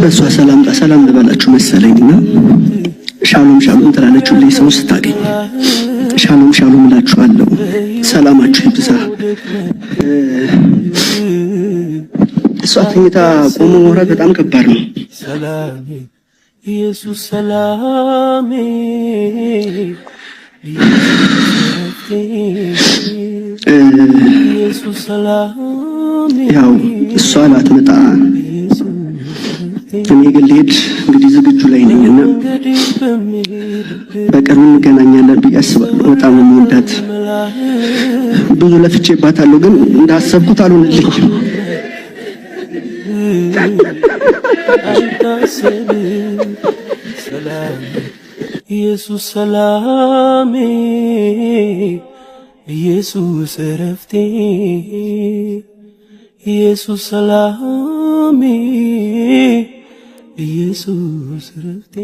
በእሷ ሰላምጣ ሰላም ልበላችሁ መሰለኝና ሻሎም ሻሎም ትላለችሁ። ላይ ሰው ስታገኝ ሻሎም ሻሎም እላችኋለሁ። ሰላማችሁ ይብዛ። እሷ ተኝታ ቆሞ ማውራት በጣም ከባድ ነው። ኢየሱስ ሰላሜ ያው እሷ ላትመጣ እኔ ግን ልሄድ እንግዲህ ዝግጁ ላይ ነኝ እና በቅርብ እንገናኛለን ብዬ አስባለሁ። በጣም የምወዳት ብዙ ለፍቼባታለሁ፣ ግን እንዳሰብኩት አልሆነልኝም። ኢየሱስ ሰላሜ፣ ኢየሱስ እረፍቴ፣ ኢየሱስ ሰላሜ Jesus rakhte